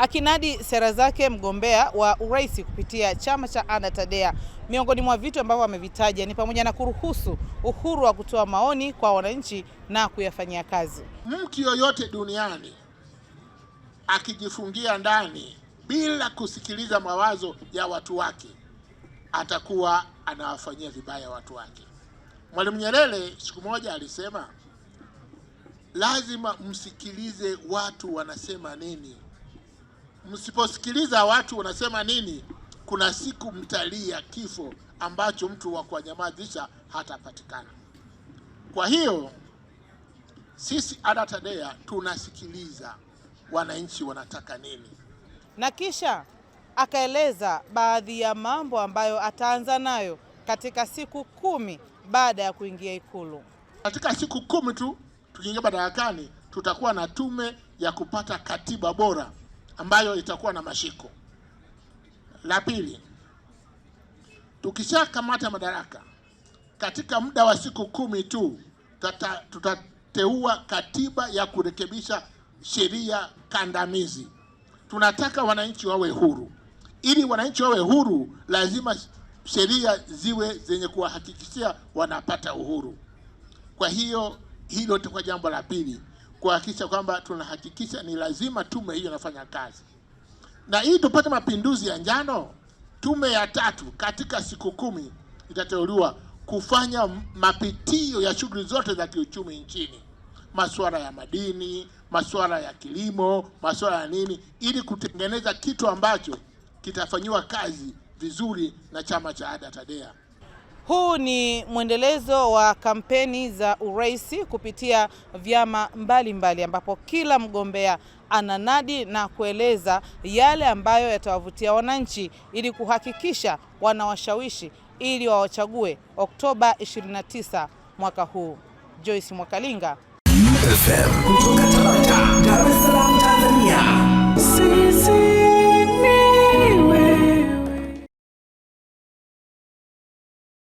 akinadi sera zake mgombea wa urais kupitia chama cha ana TADEA. Miongoni mwa vitu ambavyo amevitaja ni pamoja na kuruhusu uhuru wa kutoa maoni kwa wananchi na kuyafanyia kazi. Mtu yoyote duniani akijifungia ndani bila kusikiliza mawazo ya watu wake atakuwa anawafanyia vibaya watu wake. Mwalimu Nyerere siku moja alisema lazima msikilize watu wanasema nini msiposikiliza watu wanasema nini, kuna siku mtalia kifo ambacho mtu wa kuwanyamazisha hatapatikana. Kwa hiyo sisi ADA-TADEA tunasikiliza wananchi wanataka nini, na kisha akaeleza baadhi ya mambo ambayo ataanza nayo katika siku kumi baada ya kuingia Ikulu. Katika siku kumi tu tukiingia madarakani, tutakuwa na tume ya kupata katiba bora ambayo itakuwa na mashiko. La pili, tukishakamata madaraka katika muda wa siku kumi tu tata, tutateua katiba ya kurekebisha sheria kandamizi. Tunataka wananchi wawe huru. Ili wananchi wawe huru, lazima sheria ziwe zenye kuwahakikishia wanapata uhuru. Kwa hiyo hilo litakuwa jambo la pili kuhakikisha kwamba tunahakikisha ni lazima tume hiyo inafanya kazi, na ili tupate mapinduzi ya njano, tume ya tatu katika siku kumi itateuliwa kufanya mapitio ya shughuli zote za kiuchumi nchini, masuala ya madini, masuala ya kilimo, masuala ya nini, ili kutengeneza kitu ambacho kitafanyiwa kazi vizuri na chama cha ADA TADEA. Huu ni mwendelezo wa kampeni za urais kupitia vyama mbalimbali mbali, ambapo kila mgombea ananadi na kueleza yale ambayo yatawavutia wananchi ili kuhakikisha wanawashawishi ili wawachague Oktoba 29 mwaka huu. Joyce Mwakalinga FM